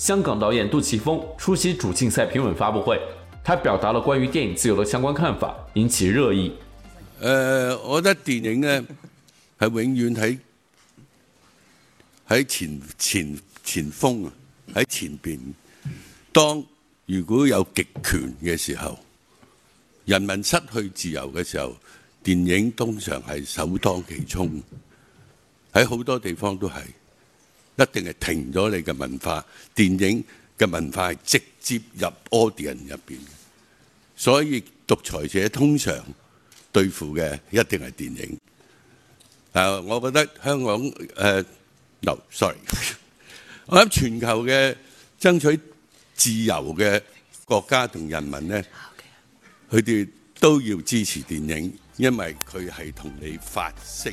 香港導演杜琪峰出席主競賽評委發佈會，他表達了關於電影自由的相關看法，引起熱議。呃。誒，我覺得電影呢係永遠喺喺前前前鋒啊，喺前邊。當如果有極權嘅時候，人民失去自由嘅時候，電影通常係首當其衝，喺好多地方都係。一定係停咗你嘅文化，電影嘅文化係直接入 audience 入邊，所以獨裁者通常對付嘅一定係電影。啊，我覺得香港誒，no，sorry，我諗全球嘅爭取自由嘅國家同人民呢，佢哋都要支持電影，因為佢係同你發聲。